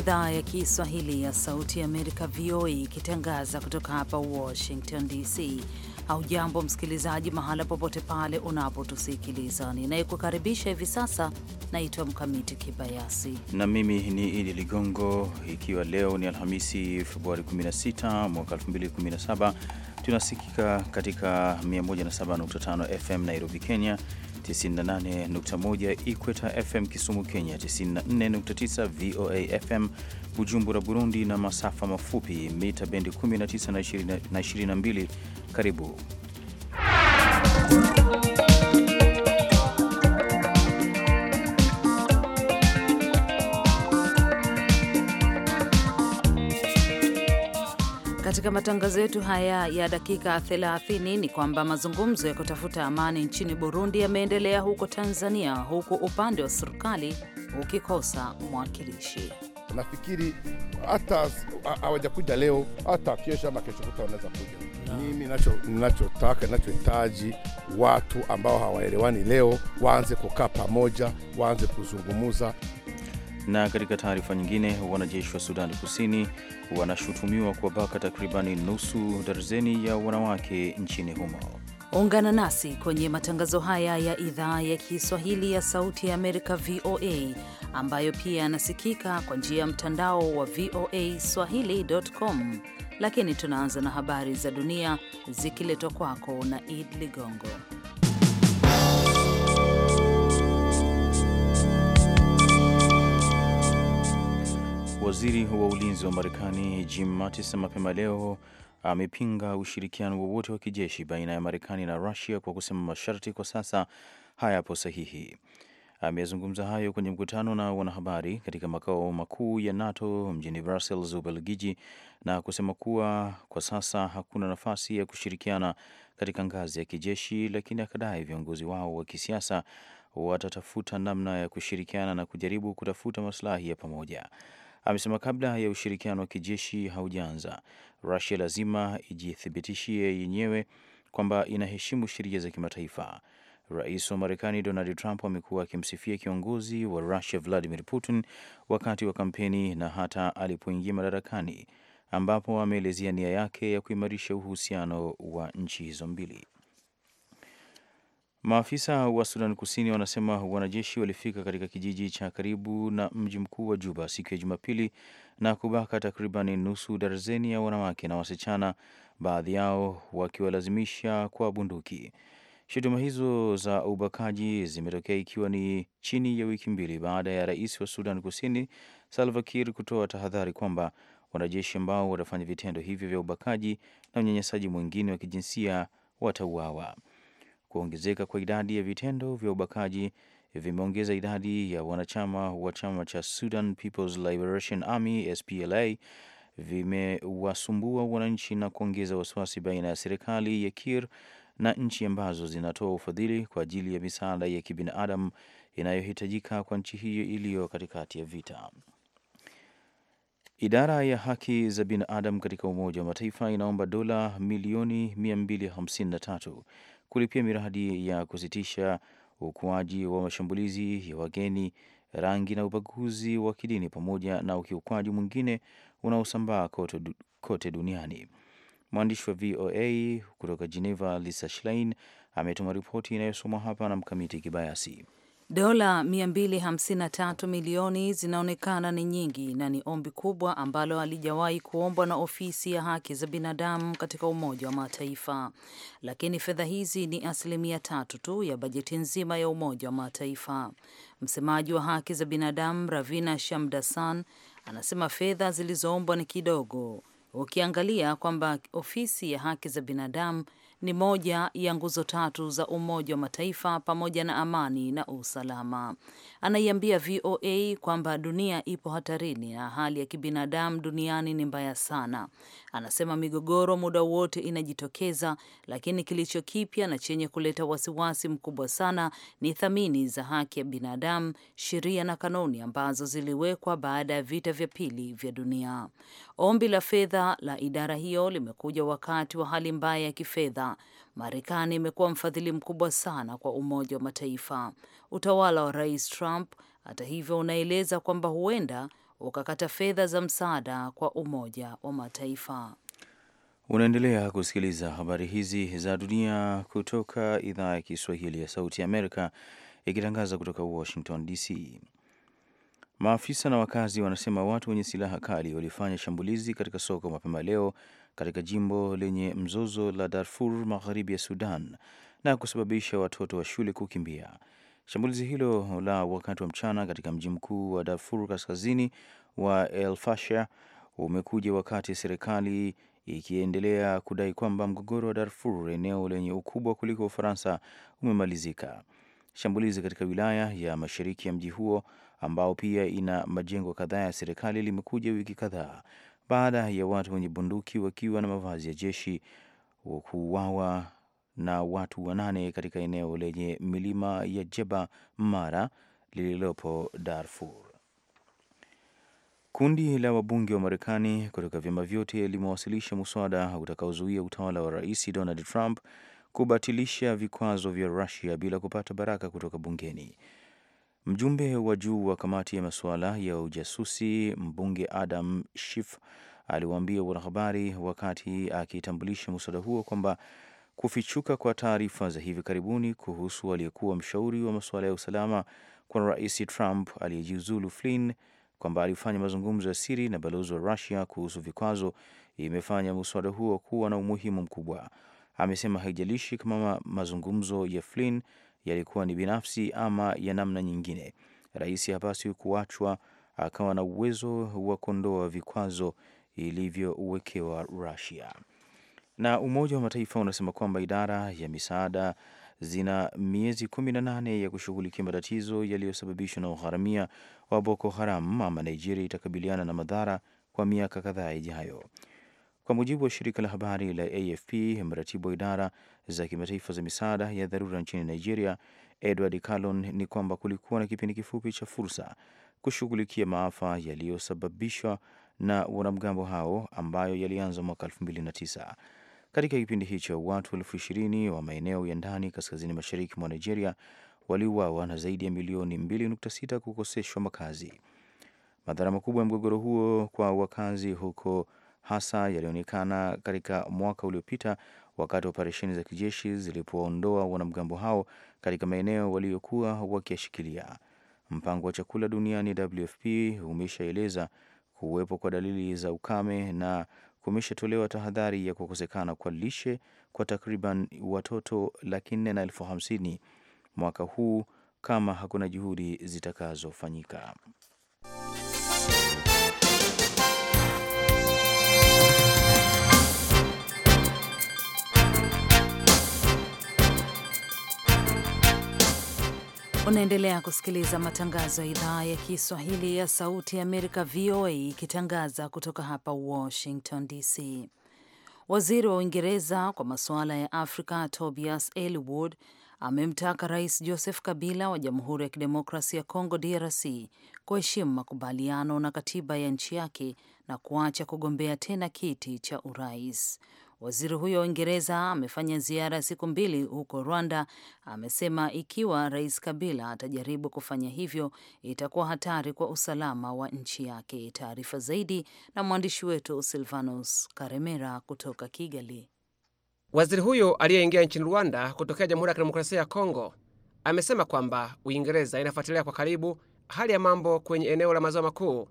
idhaa ya Kiswahili ya Sauti ya Amerika, VOA, ikitangaza kutoka hapa Washington DC. Haujambo msikilizaji, mahala popote pale unapotusikiliza. Ninayekukaribisha hivi sasa naitwa Mkamiti Kibayasi na mimi ni Idi Ligongo. Ikiwa leo ni Alhamisi, Februari 16 mwaka 2017, tunasikika katika 107.5 FM Nairobi, Kenya 98.1 Ikweta FM Kisumu Kenya, 94.9 VOA FM Bujumbura Burundi, na masafa mafupi mita bendi 19 na 22. Karibu katika matangazo yetu haya ya dakika 30 ni kwamba mazungumzo ya kutafuta amani nchini Burundi yameendelea huko Tanzania, huku upande wa serikali ukikosa mwakilishi. Nafikiri hata hawajakuja leo, hata kesho ama kesho kuta wanaweza kuja. Mimi ninachotaka ninachohitaji watu ambao hawaelewani leo waanze kukaa pamoja, waanze kuzungumuza. Na katika taarifa nyingine, wanajeshi wa Sudani Kusini wanashutumiwa kuwabaka takribani nusu darzeni ya wanawake nchini humo. Ungana nasi kwenye matangazo haya ya idhaa ya Kiswahili ya Sauti ya Amerika, VOA, ambayo pia yanasikika kwa njia ya mtandao wa VOA swahili.com. Lakini tunaanza na habari za dunia zikiletwa kwako na Id Ligongo. Waziri wa ulinzi wa Marekani Jim Mattis mapema leo amepinga ushirikiano wowote wa kijeshi baina ya Marekani na Rusia kwa kusema masharti kwa sasa hayapo sahihi. Amezungumza hayo kwenye mkutano na wanahabari katika makao makuu ya NATO mjini Brussels, Ubelgiji, na kusema kuwa kwa sasa hakuna nafasi ya kushirikiana katika ngazi ya kijeshi, lakini akadai viongozi wao wa kisiasa watatafuta namna ya kushirikiana na kujaribu kutafuta masilahi ya pamoja. Amesema kabla ya ushirikiano wa kijeshi haujaanza, Russia lazima ijithibitishie yenyewe kwamba inaheshimu sheria za kimataifa. Rais wa Marekani Donald Trump amekuwa akimsifia kiongozi wa Russia Vladimir Putin wakati wa kampeni na hata alipoingia madarakani, ambapo ameelezea nia yake ya kuimarisha uhusiano wa nchi hizo mbili. Maafisa wa Sudan Kusini wanasema wanajeshi walifika katika kijiji cha karibu na mji mkuu wa Juba siku ya Jumapili na kubaka takriban nusu darzeni ya wanawake na wasichana, baadhi yao wakiwalazimisha kwa bunduki. Shutuma hizo za ubakaji zimetokea ikiwa ni chini ya wiki mbili baada ya rais wa Sudan Kusini Salva Kiir kutoa tahadhari kwamba wanajeshi ambao watafanya vitendo hivyo vya ubakaji na unyanyasaji mwingine wa kijinsia watauawa. Kuongezeka kwa idadi ya vitendo vya ubakaji vimeongeza idadi ya wanachama wa chama cha Sudan People's Liberation Army SPLA vimewasumbua wananchi na kuongeza wasiwasi baina ya serikali ya Kir na nchi ambazo zinatoa ufadhili kwa ajili ya misaada ya kibinadamu inayohitajika kwa nchi hiyo iliyo katikati ya vita. Idara ya haki za binadamu katika Umoja wa Mataifa inaomba dola milioni 253 kulipia miradi ya kusitisha ukuaji wa mashambulizi ya wageni, rangi na ubaguzi wa kidini, pamoja na ukiukwaji mwingine unaosambaa kote duniani. Mwandishi wa VOA kutoka Geneva, Lisa Schlein, ametuma ripoti inayosomwa hapa na Mkamiti Kibayasi. Dola 253 milioni zinaonekana ni nyingi na ni ombi kubwa ambalo halijawahi kuombwa na ofisi ya haki za binadamu katika Umoja wa Mataifa, lakini fedha hizi ni asilimia tatu tu ya bajeti nzima ya Umoja wa Mataifa. Msemaji wa haki za binadamu Ravina Shamdasan anasema fedha zilizoombwa ni kidogo, ukiangalia kwamba ofisi ya haki za binadamu ni moja ya nguzo tatu za Umoja wa Mataifa pamoja na amani na usalama. Anaiambia VOA kwamba dunia ipo hatarini na hali ya kibinadamu duniani ni mbaya sana. Anasema migogoro muda wote inajitokeza, lakini kilicho kipya na chenye kuleta wasiwasi mkubwa sana ni thamini za haki ya binadamu, sheria na kanuni ambazo ziliwekwa baada ya vita vya pili vya dunia. Ombi la fedha la idara hiyo limekuja wakati wa hali mbaya ya kifedha Marekani imekuwa mfadhili mkubwa sana kwa Umoja wa Mataifa. Utawala wa Rais Trump, hata hivyo, unaeleza kwamba huenda ukakata fedha za msaada kwa Umoja wa Mataifa. Unaendelea kusikiliza habari hizi za dunia kutoka idhaa ya Kiswahili ya Sauti ya Amerika, ikitangaza kutoka Washington DC. Maafisa na wakazi wanasema watu wenye silaha kali walifanya shambulizi katika soko mapema leo katika jimbo lenye mzozo la Darfur magharibi ya Sudan na kusababisha watoto wa shule kukimbia. Shambulizi hilo la wakati wa mchana katika mji mkuu wa Darfur kaskazini wa El Fasher umekuja wakati serikali ikiendelea kudai kwamba mgogoro wa Darfur, eneo lenye ukubwa kuliko Ufaransa, umemalizika. Shambulizi katika wilaya ya mashariki ya mji huo ambao pia ina majengo kadhaa ya serikali limekuja wiki kadhaa baada ya watu wenye bunduki wakiwa na mavazi ya jeshi kuuawa na watu wanane katika eneo lenye milima ya jeba Mara lililopo Darfur. Kundi la wabunge wa Marekani kutoka vyama vyote limewasilisha muswada utakaozuia utawala wa Rais Donald Trump kubatilisha vikwazo vya Rusia bila kupata baraka kutoka bungeni. Mjumbe wa juu wa kamati ya masuala ya ujasusi, mbunge Adam Schiff aliwaambia wanahabari wakati akitambulisha muswada huo kwamba kufichuka kwa taarifa za hivi karibuni kuhusu aliyekuwa mshauri wa masuala ya usalama kwa Rais Trump aliyejiuzulu Flynn kwamba alifanya mazungumzo ya siri na balozi wa Rusia kuhusu vikwazo imefanya muswada huo kuwa na umuhimu mkubwa. Amesema haijalishi kama mazungumzo ya Flynn yalikuwa ni binafsi ama ya namna nyingine, rais hapaswi kuachwa akawa na uwezo wa kuondoa vikwazo ilivyowekewa Rusia. Na Umoja wa Mataifa unasema kwamba idara ya misaada zina miezi kumi na nane ya kushughulikia matatizo yaliyosababishwa na ugharamia wa Boko Haram ama Nigeria itakabiliana na madhara kwa miaka kadhaa ijayo. Kwa mujibu wa shirika la habari la AFP, mratibu wa idara za kimataifa za misaada ya dharura nchini Nigeria, Edward Calon, ni kwamba kulikuwa na kipindi kifupi cha fursa kushughulikia maafa yaliyosababishwa na wanamgambo hao ambayo yalianza mwaka 2009. Katika kipindi hicho watu elfu ishirini wa maeneo ya ndani kaskazini mashariki mwa Nigeria waliuawa na zaidi ya milioni 2.6 kukoseshwa makazi. Madhara makubwa ya mgogoro huo kwa wakazi huko hasa yalionekana katika mwaka uliopita wakati wa operesheni za kijeshi zilipoondoa wanamgambo hao katika maeneo waliyokuwa wakiyashikilia. Mpango wa Chakula Duniani WFP umeshaeleza kuwepo kwa dalili za ukame na kumeshatolewa tahadhari ya kukosekana kwa lishe kwa takriban watoto laki nne na elfu hamsini mwaka huu kama hakuna juhudi zitakazofanyika. Unaendelea kusikiliza matangazo ya idhaa ya Kiswahili ya Sauti ya Amerika, VOA, ikitangaza kutoka hapa Washington DC. Waziri wa Uingereza kwa masuala ya Afrika Tobias Elwood amemtaka Rais Joseph Kabila wa Jamhuri ya Kidemokrasi ya Kongo, DRC, kuheshimu makubaliano na katiba ya nchi yake na kuacha kugombea tena kiti cha urais. Waziri huyo wa Uingereza amefanya ziara ya siku mbili huko Rwanda. Amesema ikiwa Rais Kabila atajaribu kufanya hivyo, itakuwa hatari kwa usalama wa nchi yake. Taarifa zaidi na mwandishi wetu Silvanus Karemera kutoka Kigali. Waziri huyo aliyeingia nchini Rwanda kutokea Jamhuri ya Kidemokrasia ya Kongo amesema kwamba Uingereza inafuatilia kwa karibu hali ya mambo kwenye eneo la maziwa makuu.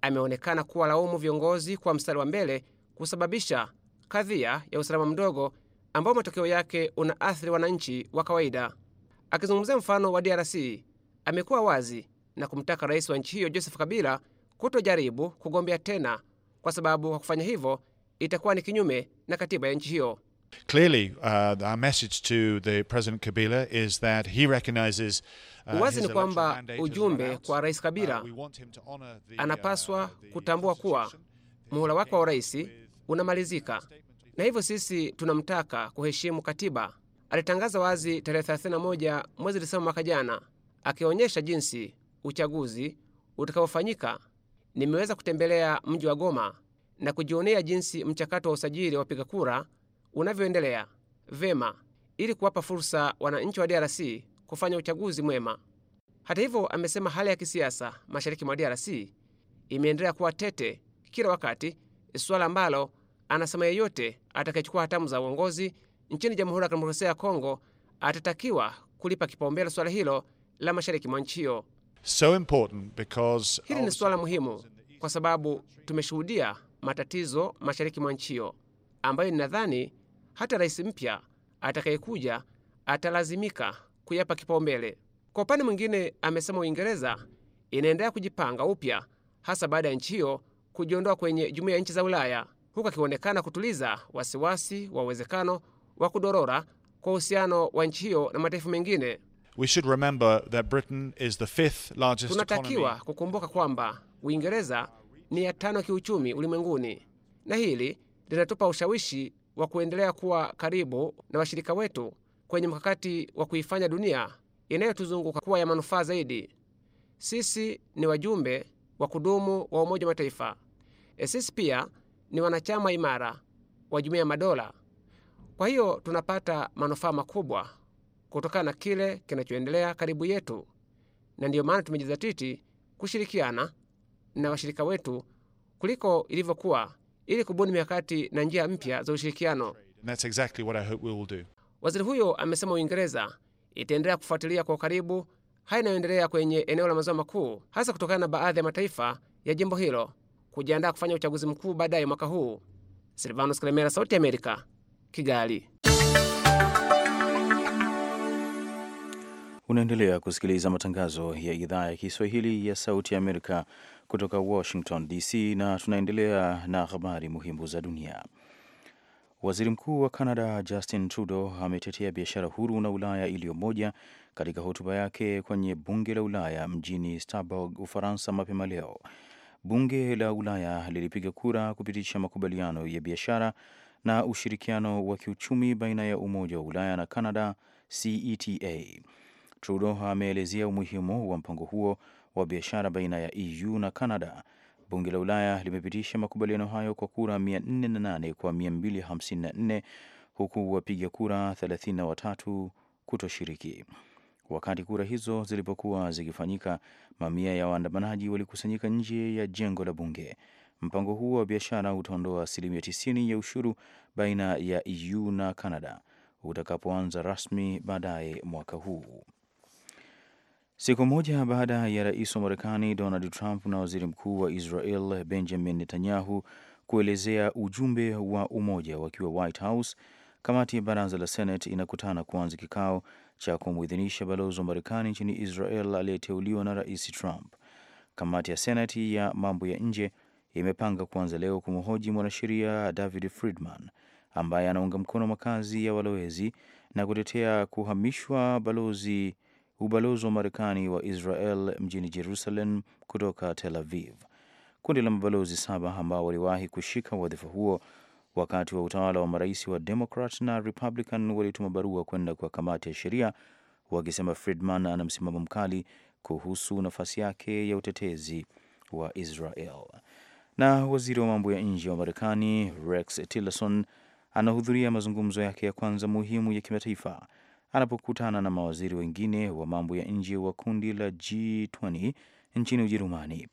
Ameonekana kuwa laumu viongozi kwa mstari wa mbele kusababisha kadhia ya usalama mdogo ambao matokeo yake unaathiri wananchi wa kawaida. Akizungumzia mfano wa DRC, amekuwa wazi na kumtaka rais wa nchi hiyo Joseph Kabila kutojaribu kugombea tena, kwa sababu kwa kufanya hivyo itakuwa ni kinyume na katiba ya nchi hiyo. Clearly, uh, our message to the President Kabila is that he recognizes uh, wazi ni kwamba ujumbe kwa Rais Kabila uh, uh, anapaswa kutambua kuwa muhula wake wa urais unamalizika, na hivyo sisi tunamtaka kuheshimu katiba. Alitangaza wazi tarehe 31 mwezi Desemba mwaka jana, akionyesha jinsi uchaguzi utakavyofanyika. Nimeweza kutembelea mji wa Goma na kujionea jinsi mchakato wa usajili wa wapiga kura unavyoendelea vema ili kuwapa fursa wananchi wa DRC kufanya uchaguzi mwema. Hata hivyo, amesema hali ya kisiasa mashariki mwa DRC imeendelea kuwa tete kila wakati, suala ambalo anasema yeyote atakayechukua hatamu za uongozi nchini Jamhuri ya Kidemokrasia ya Kongo atatakiwa kulipa kipaumbele suala hilo la mashariki mwa nchi hiyo. So important because hili ni suala muhimu kwa sababu tumeshuhudia matatizo mashariki mwa nchi hiyo ambayo ninadhani hata rais mpya atakayekuja atalazimika kuyapa kipaumbele. Kwa upande mwingine, amesema Uingereza inaendelea kujipanga upya hasa baada ya nchi hiyo kujiondoa kwenye jumuiya ya nchi za Ulaya huku akionekana kutuliza wasiwasi wa uwezekano wa kudorora kwa uhusiano wa nchi hiyo na mataifa mengine. Tunatakiwa kukumbuka kwamba Uingereza ni ya tano ya kiuchumi ulimwenguni, na hili linatupa ushawishi wa kuendelea kuwa karibu na washirika wetu kwenye mkakati wa kuifanya dunia inayotuzunguka kuwa ya manufaa zaidi. Sisi ni wajumbe wa kudumu wa Umoja wa Mataifa. E, sisi pia ni wanachama imara wa Jumuiya ya Madola. Kwa hiyo tunapata manufaa makubwa kutokana na kile kinachoendelea karibu yetu, na ndiyo maana tumejizatiti kushirikiana na washirika wetu kuliko ilivyokuwa ili kubuni mikakati na njia mpya za ushirikiano. Exactly we waziri huyo amesema Uingereza itaendelea kufuatilia kwa ukaribu haya inayoendelea kwenye eneo la maziwa makuu, hasa kutokana na baadhi ya mataifa ya jimbo hilo kujiandaa kufanya uchaguzi mkuu baadaye mwaka huu. Silvanus Kalemera, Sauti Amerika, Kigali. Unaendelea kusikiliza matangazo ya idhaa ya Kiswahili ya Sauti Amerika kutoka Washington DC, na tunaendelea na habari muhimu za dunia. Waziri Mkuu wa canada Justin Trudeau ametetea biashara huru na Ulaya iliyo moja katika hotuba yake kwenye bunge la Ulaya mjini Strasbourg, Ufaransa, mapema leo bunge la Ulaya lilipiga kura kupitisha makubaliano ya biashara na ushirikiano wa kiuchumi baina ya Umoja wa Ulaya na Canada, CETA. Trudeau ameelezea umuhimu wa mpango huo wa biashara baina ya EU na Canada. Bunge la Ulaya limepitisha makubaliano hayo kwa kura 408 kwa 254 huku wapiga kura 33 kutoshiriki. Wakati kura hizo zilipokuwa zikifanyika, mamia ya waandamanaji walikusanyika nje ya jengo la bunge. Mpango huo wa biashara utaondoa asilimia 90 ya ushuru baina ya EU na Canada utakapoanza rasmi baadaye mwaka huu. Siku moja baada ya rais wa Marekani Donald Trump na waziri mkuu wa Israel Benjamin Netanyahu kuelezea ujumbe wa umoja wakiwa White House, kamati ya baraza la Senate inakutana kuanza kikao cha kumwidhinisha balozi wa Marekani nchini Israel aliyeteuliwa na Rais Trump. Kamati ya Senati ya mambo ya nje imepanga kuanza leo kumhoji mwanasheria David Friedman ambaye anaunga mkono makazi ya walowezi na kutetea kuhamishwa balozi ubalozi wa Marekani wa Israel mjini Jerusalem kutoka Tel Aviv. Kundi la mabalozi saba ambao waliwahi kushika wadhifa huo wakati wa utawala wa marais wa Democrat na Republican walituma barua kwenda kwa kamati ya sheria wakisema Friedman ana msimamo mkali kuhusu nafasi yake ya utetezi wa Israel. Na waziri wa mambo ya nje wa Marekani Rex Tillerson anahudhuria mazungumzo yake ya kwanza muhimu ya kimataifa anapokutana na mawaziri wengine wa mambo ya nje wa kundi la G20 nchini Ujerumani.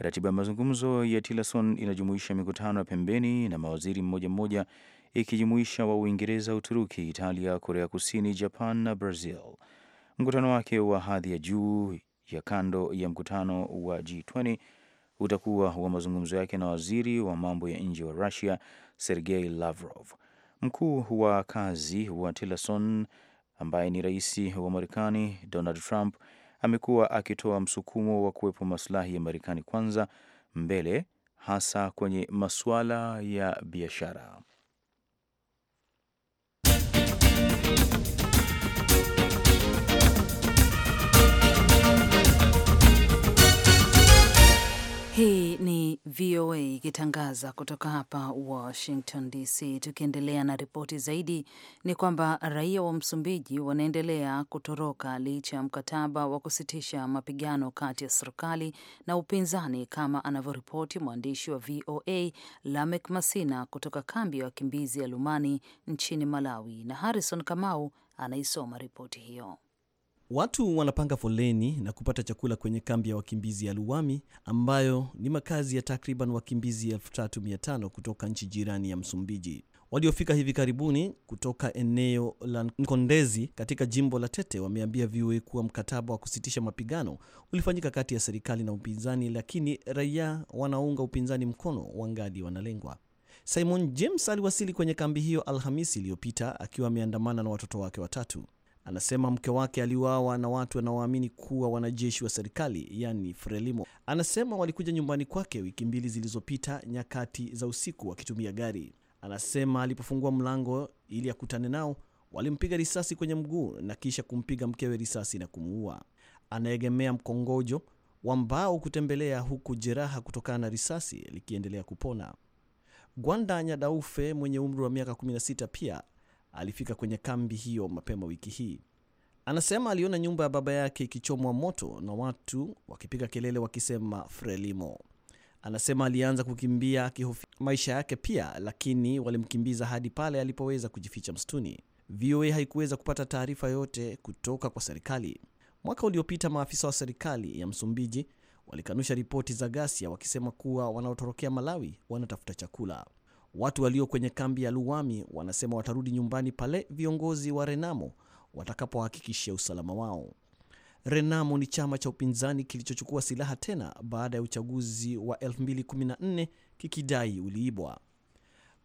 Ratiba ya mazungumzo ya Tillerson inajumuisha mikutano ya pembeni na mawaziri mmoja mmoja, ikijumuisha wa Uingereza, Uturuki, Italia, Korea Kusini, Japan na Brazil. Mkutano wake wa hadhi ya juu ya kando ya mkutano wa G20 utakuwa wa mazungumzo yake na waziri wa mambo ya nje wa Russia Sergei Lavrov. Mkuu wa kazi wa Tillerson ambaye ni rais wa Marekani Donald Trump amekuwa akitoa msukumo wa kuwepo masilahi ya Marekani kwanza mbele hasa kwenye masuala ya biashara. Hii ni VOA ikitangaza kutoka hapa Washington DC. Tukiendelea na ripoti zaidi, ni kwamba raia wa Msumbiji wanaendelea kutoroka licha ya mkataba wa kusitisha mapigano kati ya serikali na upinzani, kama anavyoripoti mwandishi wa VOA Lamek Masina kutoka kambi ya wakimbizi ya Lumani nchini Malawi, na Harrison Kamau anaisoma ripoti hiyo. Watu wanapanga foleni na kupata chakula kwenye kambi ya wakimbizi ya Luwami ambayo ni makazi ya takriban wakimbizi 35 kutoka nchi jirani ya Msumbiji waliofika hivi karibuni kutoka eneo la Nkondezi katika jimbo la Tete wameambia VOA kuwa mkataba wa kusitisha mapigano ulifanyika kati ya serikali na upinzani, lakini raia wanaunga upinzani mkono wangali wanalengwa. Simon James aliwasili kwenye kambi hiyo Alhamisi iliyopita akiwa ameandamana na watoto wake watatu. Anasema mke wake aliuawa na watu wanaoamini kuwa wanajeshi wa serikali, yani Frelimo. Anasema walikuja nyumbani kwake wiki mbili zilizopita nyakati za usiku wakitumia gari. Anasema alipofungua mlango ili akutane nao, walimpiga risasi kwenye mguu na kisha kumpiga mkewe risasi na kumuua. Anaegemea mkongojo wa mbao kutembelea, huku jeraha kutokana na risasi likiendelea kupona. Gwanda Nyadaufe mwenye umri wa miaka 16 pia alifika kwenye kambi hiyo mapema wiki hii. Anasema aliona nyumba ya baba yake ikichomwa moto na watu wakipiga kelele wakisema Frelimo. Anasema alianza kukimbia akihofi maisha yake pia, lakini walimkimbiza hadi pale alipoweza kujificha msituni. VOA haikuweza kupata taarifa yote kutoka kwa serikali. Mwaka uliopita maafisa wa serikali ya Msumbiji walikanusha ripoti za gasia wakisema kuwa wanaotorokea Malawi wanatafuta chakula. Watu walio kwenye kambi ya Luwami wanasema watarudi nyumbani pale viongozi wa Renamo watakapohakikishia usalama wao. Renamo ni chama cha upinzani kilichochukua silaha tena baada ya uchaguzi wa 2014 kikidai uliibwa.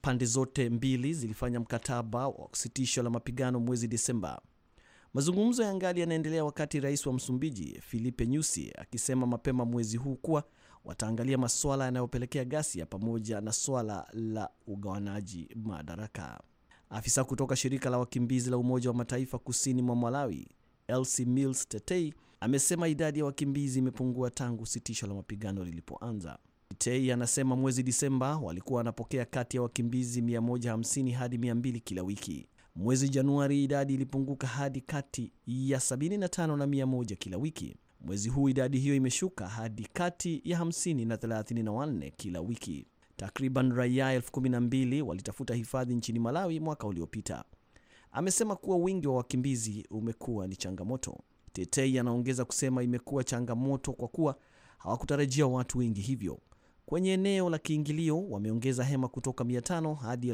Pande zote mbili zilifanya mkataba wa sitisho la mapigano mwezi Desemba. Mazungumzo ya ngali yanaendelea wakati rais wa Msumbiji Filipe Nyusi akisema mapema mwezi huu kuwa wataangalia masuala yanayopelekea ghasia pamoja na swala la ugawanaji madaraka. Afisa kutoka shirika la wakimbizi la Umoja wa Mataifa kusini mwa Malawi, Elsie Mills Tetei, amesema idadi ya wakimbizi imepungua tangu sitisho la mapigano lilipoanza. Tetei anasema mwezi Disemba walikuwa wanapokea kati ya wakimbizi 150 hadi 200 kila wiki. Mwezi Januari idadi ilipunguka hadi kati ya 75 na 100 kila wiki. Mwezi huu idadi hiyo imeshuka hadi kati ya 50 na 34 kila wiki. Takriban raia 12,000 walitafuta hifadhi nchini Malawi mwaka uliopita. Amesema kuwa wingi wa wakimbizi umekuwa ni changamoto. Tetei anaongeza kusema imekuwa changamoto kwa kuwa hawakutarajia watu wengi hivyo. Kwenye eneo la kiingilio wameongeza hema kutoka 500 hadi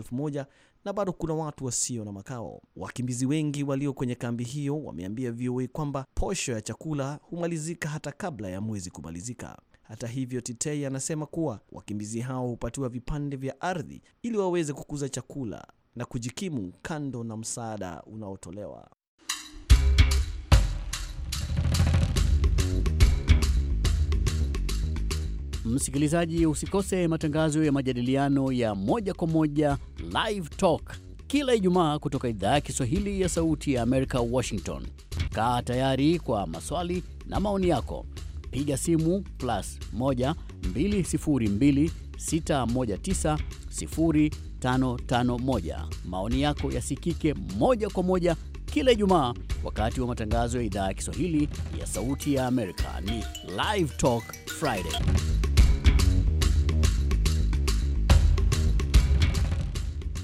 na bado kuna watu wasio na makao. Wakimbizi wengi walio kwenye kambi hiyo wameambia VOA kwamba posho ya chakula humalizika hata kabla ya mwezi kumalizika. Hata hivyo, Titei anasema kuwa wakimbizi hao hupatiwa vipande vya ardhi ili waweze kukuza chakula na kujikimu kando na msaada unaotolewa. Msikilizaji, usikose matangazo ya majadiliano ya moja kwa moja Live Talk kila Ijumaa kutoka idhaa ya Kiswahili ya Sauti ya Amerika, Washington. Kaa tayari kwa maswali na maoni yako, piga simu plus 1 202 619 0551. Maoni yako yasikike moja kwa moja kila Ijumaa wakati wa matangazo ya idhaa ya Kiswahili ya Sauti ya Amerika. Ni Live Talk Friday.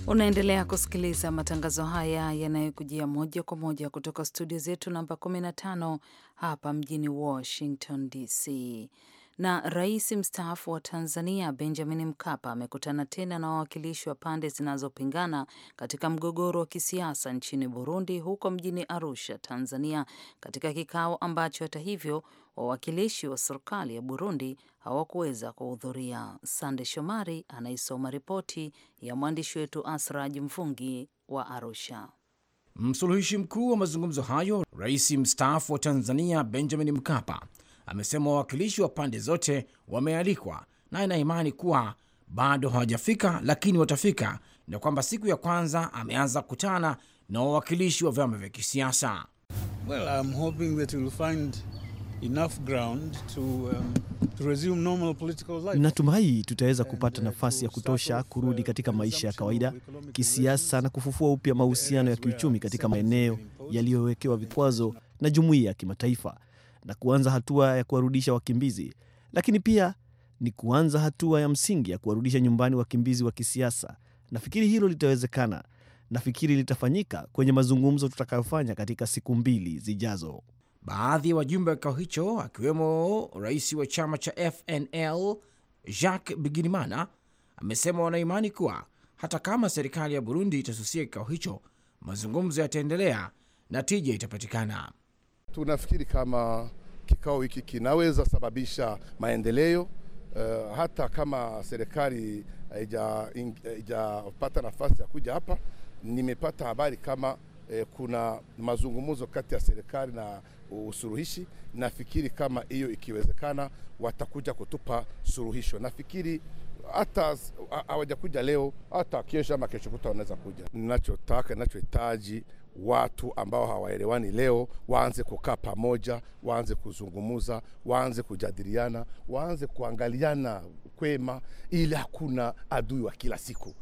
Unaendelea kusikiliza matangazo haya yanayokujia moja kwa moja kutoka studio zetu namba 15 hapa mjini Washington DC. Na rais mstaafu wa Tanzania Benjamin Mkapa amekutana tena na wawakilishi wa pande zinazopingana katika mgogoro wa kisiasa nchini Burundi, huko mjini Arusha, Tanzania, katika kikao ambacho hata hivyo wawakilishi wa serikali ya Burundi hawakuweza kuhudhuria. Sande Shomari anaisoma ripoti ya mwandishi wetu Asraj Mfungi wa Arusha. Msuluhishi mkuu wa mazungumzo hayo, rais mstaafu wa Tanzania Benjamin Mkapa amesema wawakilishi wa pande zote wamealikwa na anaimani kuwa bado hawajafika, lakini watafika na kwamba siku ya kwanza ameanza kukutana na wawakilishi wa vyama vya kisiasa. Well, um, Natumai tutaweza kupata uh, nafasi ya kutosha kurudi uh, katika maisha ya kawaida kisiasa na kufufua upya mahusiano ya kiuchumi katika maeneo yaliyowekewa vikwazo na jumuiya ya kimataifa na kuanza hatua ya kuwarudisha wakimbizi, lakini pia ni kuanza hatua ya msingi ya kuwarudisha nyumbani wakimbizi wa kisiasa. Nafikiri hilo litawezekana. Nafikiri litafanyika kwenye mazungumzo tutakayofanya katika siku mbili zijazo. Baadhi ya wajumbe wa kikao hicho akiwemo rais wa chama cha FNL Jacques Bigirimana amesema wanaimani kuwa hata kama serikali ya Burundi itasusia kikao hicho, mazungumzo yataendelea na tija itapatikana tunafikiri kama kikao hiki kinaweza sababisha maendeleo uh, hata kama serikali haijapata nafasi ya kuja hapa. Nimepata habari kama eh, kuna mazungumzo kati ya serikali na usuluhishi. Nafikiri kama hiyo ikiwezekana, watakuja kutupa suluhisho. Nafikiri hata hawajakuja leo, hata kesho ama kesho kuta wanaweza kuja. Ninachotaka, ninachohitaji watu ambao hawaelewani leo waanze kukaa pamoja, waanze kuzungumuza, waanze kujadiliana, waanze kuangaliana kwema, ili hakuna adui wa kila siku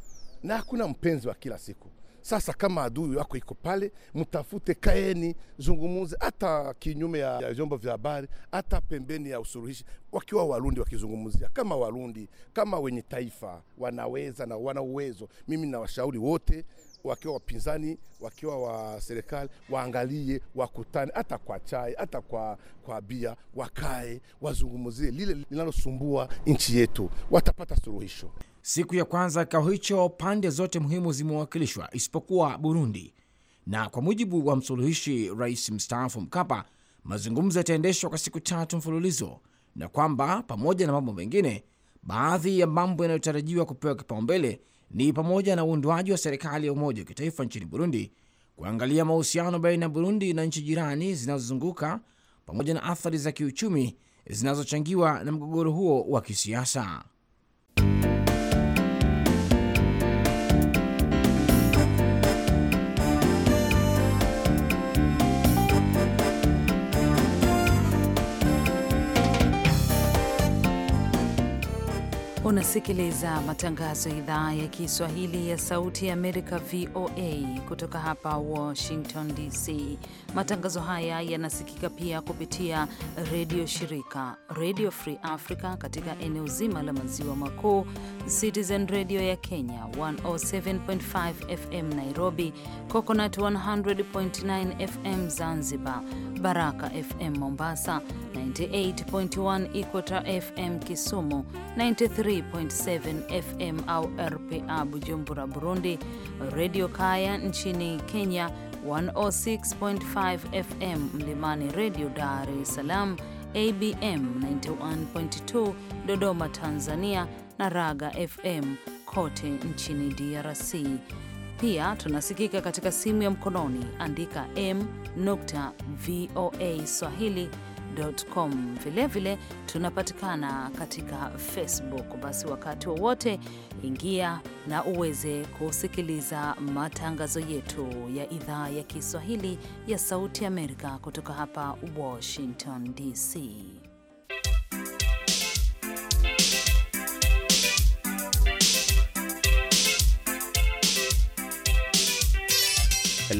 na hakuna mpenzi wa kila siku. Sasa kama adui wako iko pale, mtafute, kaeni, zungumuze, hata kinyume ya vyombo vya habari, hata pembeni ya usuluhishi, wakiwa Warundi wakizungumzia kama Warundi, kama wenye taifa wanaweza na wana uwezo. Mimi nawashauri wote wakiwa wapinzani, wakiwa wa serikali, waangalie, wakutane, hata kwa chai, hata kwa, kwa bia, wakae wazungumzie lile linalosumbua nchi yetu, watapata suluhisho. Siku ya kwanza kikao hicho, pande zote muhimu zimewakilishwa isipokuwa Burundi, na kwa mujibu wa msuluhishi rais mstaafu Mkapa, mazungumzo yataendeshwa kwa siku tatu mfululizo, na kwamba pamoja na mambo mengine, baadhi ya mambo yanayotarajiwa kupewa kipaumbele ni pamoja na uundwaji wa serikali ya umoja wa kitaifa nchini Burundi, kuangalia mahusiano baina ya Burundi na nchi jirani zinazozunguka pamoja na athari za kiuchumi zinazochangiwa na mgogoro huo wa kisiasa. Unasikiliza matangazo ya idhaa ya Kiswahili ya Sauti ya Amerika, VOA, kutoka hapa Washington DC. Matangazo haya yanasikika pia kupitia redio shirika Radio Free Africa katika eneo zima la maziwa makuu, Citizen Radio ya Kenya 107.5 FM Nairobi, Coconut 100.9 FM Zanzibar, Baraka FM Mombasa, 98.1 Equator FM Kisumu, 93.7 FM au RPA Bujumbura, Burundi, Radio Kaya nchini Kenya, 106.5 FM Mlimani Radio Dar es Salaam, ABM 91.2 Dodoma, Tanzania na Raga FM kote nchini DRC. Pia tunasikika katika simu ya mkononi, andika m voa swahili.com. Vilevile tunapatikana katika Facebook. Basi wakati wowote ingia na uweze kusikiliza matangazo yetu ya idhaa ya Kiswahili ya Sauti Amerika kutoka hapa Washington DC.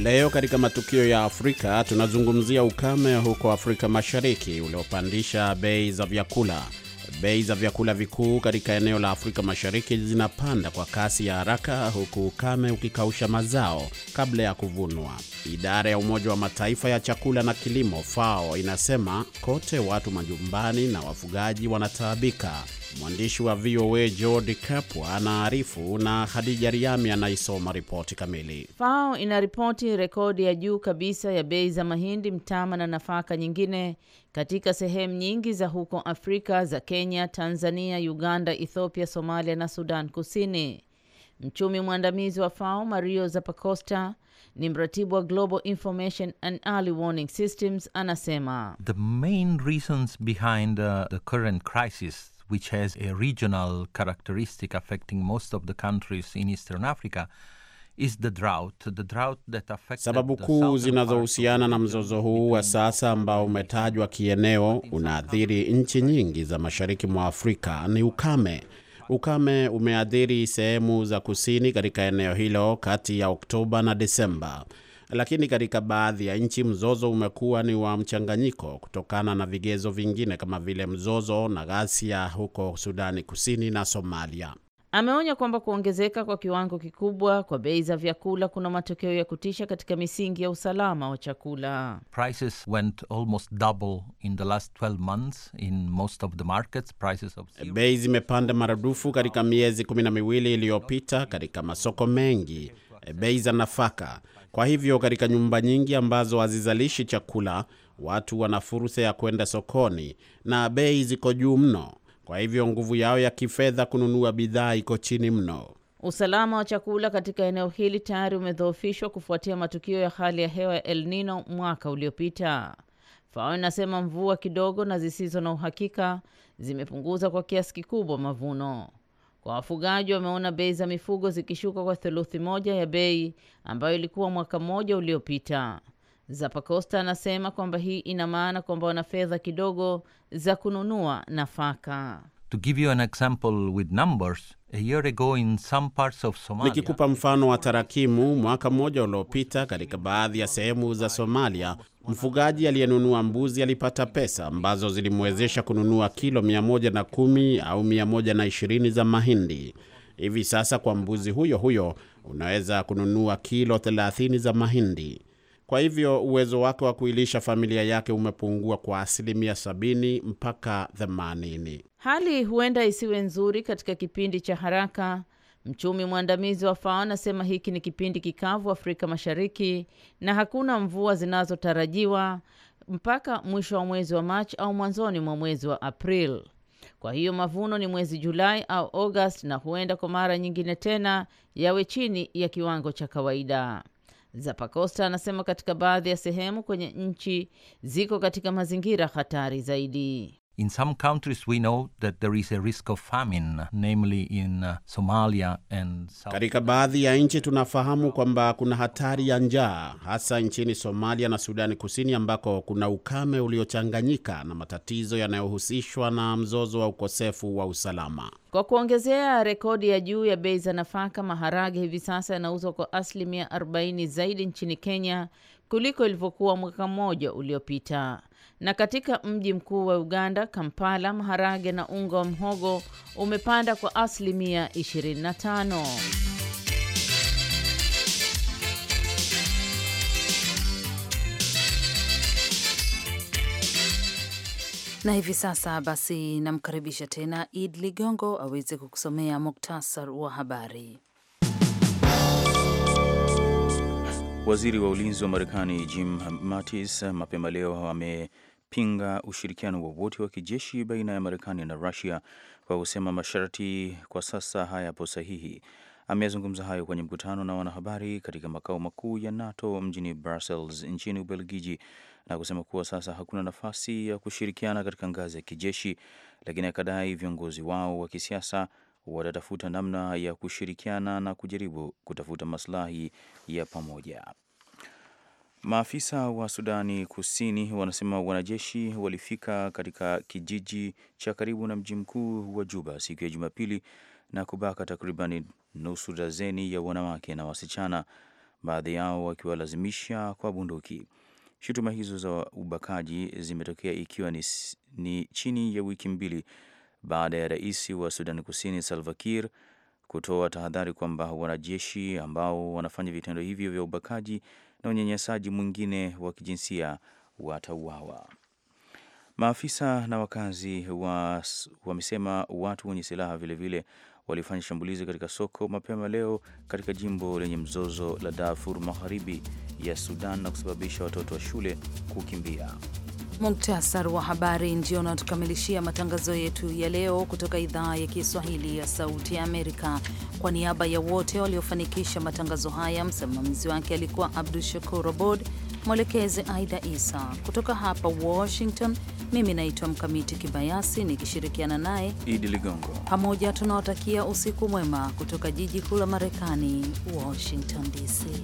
Leo katika matukio ya Afrika tunazungumzia ukame huko Afrika Mashariki uliopandisha bei za vyakula. Bei za vyakula vikuu katika eneo la Afrika Mashariki zinapanda kwa kasi ya haraka huku ukame ukikausha mazao kabla ya kuvunwa. Idara ya Umoja wa Mataifa ya chakula na kilimo FAO inasema kote watu majumbani na wafugaji wanataabika Mwandishi wa VOA Jordi Kapwa anaarifu na Khadija Riami anaisoma ripoti kamili. FAO inaripoti rekodi ya juu kabisa ya bei za mahindi, mtama na nafaka nyingine katika sehemu nyingi za huko Afrika za Kenya, Tanzania, Uganda, Ethiopia, Somalia na Sudan Kusini. Mchumi mwandamizi wa FAO Mario Zapacosta ni mratibu wa Global Information and Early Warning Systems anasema, The main reasons behind, uh, the current crisis which has a regional characteristic affecting most of the countries in Eastern Africa, is The drought, the drought that affects. sababu kuu zinazohusiana na mzozo huu wa sasa ambao umetajwa kieneo unaathiri nchi nyingi za mashariki mwa Afrika ni ukame. Ukame umeathiri sehemu za kusini katika eneo hilo kati ya Oktoba na Desemba lakini katika baadhi ya nchi mzozo umekuwa ni wa mchanganyiko kutokana na vigezo vingine kama vile mzozo na ghasia huko Sudani Kusini na Somalia. Ameonya kwamba kuongezeka kwa kiwango kikubwa kwa bei za vyakula kuna matokeo ya kutisha katika misingi ya usalama wa chakula. Bei zimepanda maradufu katika miezi kumi na miwili iliyopita katika masoko mengi, bei za nafaka. Kwa hivyo katika nyumba nyingi ambazo hazizalishi chakula, watu wana fursa ya kwenda sokoni na bei ziko juu mno. Kwa hivyo nguvu yao ya kifedha kununua bidhaa iko chini mno. Usalama wa chakula katika eneo hili tayari umedhoofishwa kufuatia matukio ya hali ya hewa ya El Nino mwaka uliopita. FAO inasema mvua kidogo na zisizo na uhakika zimepunguza kwa kiasi kikubwa mavuno. Kwa wafugaji wameona bei za mifugo zikishuka kwa theluthi moja ya bei ambayo ilikuwa mwaka mmoja uliopita. Zapacosta anasema kwamba hii ina maana kwamba wana fedha kidogo za kununua nafaka. To give you an example with numbers, a year ago in some parts of Somalia. Nikikupa mfano wa tarakimu, mwaka mmoja uliopita katika baadhi ya sehemu za Somalia, mfugaji aliyenunua mbuzi alipata pesa ambazo zilimwezesha kununua kilo 110 au 120 za mahindi. Hivi sasa kwa mbuzi huyo huyo unaweza kununua kilo 30 za mahindi. Kwa hivyo uwezo wake wa kuilisha familia yake umepungua kwa asilimia 70 mpaka 80. Hali huenda isiwe nzuri katika kipindi cha haraka. Mchumi mwandamizi wa FAO anasema hiki ni kipindi kikavu Afrika Mashariki na hakuna mvua zinazotarajiwa mpaka mwisho wa mwezi wa Machi au mwanzoni mwa mwezi wa April. Kwa hiyo mavuno ni mwezi Julai au August, na huenda kwa mara nyingine tena yawe chini ya kiwango cha kawaida. Zapacosta anasema katika baadhi ya sehemu kwenye nchi ziko katika mazingira hatari zaidi. In some countries we know that there is a risk of famine, namely in uh, Somalia and South. Katika baadhi ya nchi tunafahamu kwamba kuna hatari ya njaa hasa nchini Somalia na Sudani Kusini ambako kuna ukame uliochanganyika na matatizo yanayohusishwa na mzozo wa ukosefu wa usalama. Kwa kuongezea rekodi ya juu ya bei za nafaka, maharage hivi sasa yanauzwa kwa asilimia 40 zaidi nchini Kenya kuliko ilivyokuwa mwaka mmoja uliopita. Na katika mji mkuu wa Uganda, Kampala, maharage na unga wa mhogo umepanda kwa asilimia 25. Na hivi sasa basi namkaribisha tena Id Ligongo aweze kukusomea muktasar wa habari. Waziri wa ulinzi wa Marekani Jim Mattis mapema leo amepinga ushirikiano wowote wa, wa kijeshi baina ya Marekani na Rusia kwa kusema masharti kwa sasa hayapo sahihi. Ameyazungumza hayo kwenye mkutano na wanahabari katika makao makuu ya NATO mjini Brussels nchini Ubelgiji na kusema kuwa sasa hakuna nafasi ya kushirikiana katika ngazi ya kijeshi, lakini akadai viongozi wao wa kisiasa watatafuta namna ya kushirikiana na kujaribu kutafuta maslahi ya pamoja. Maafisa wa Sudani Kusini wanasema wanajeshi walifika katika kijiji cha karibu na mji mkuu wa Juba siku ya Jumapili na kubaka takribani nusu dazeni ya wanawake na wasichana, baadhi yao wakiwalazimisha kwa bunduki. Shutuma hizo za ubakaji zimetokea ikiwa ni, ni chini ya wiki mbili baada ya rais wa Sudan Kusini Salva Kiir kutoa tahadhari kwamba wanajeshi ambao wanafanya vitendo hivyo vya ubakaji na unyanyasaji mwingine wa kijinsia watauawa. Maafisa na wakazi wa, wamesema watu wenye silaha vilevile walifanya shambulizi katika soko mapema leo katika jimbo lenye mzozo la Darfur magharibi ya Sudan na kusababisha watoto wa shule kukimbia. Muktasar wa habari ndio unatukamilishia matangazo yetu ya leo kutoka idhaa ya Kiswahili ya Sauti ya Amerika. Kwa niaba ya wote waliofanikisha matangazo haya, msimamizi wake alikuwa Abdu Shakur Abod, mwelekezi Aida Isa. Kutoka hapa Washington, mimi naitwa Mkamiti Kibayasi nikishirikiana naye Idi Ligongo. Pamoja tunawatakia usiku mwema kutoka jiji kuu la Marekani, Washington DC.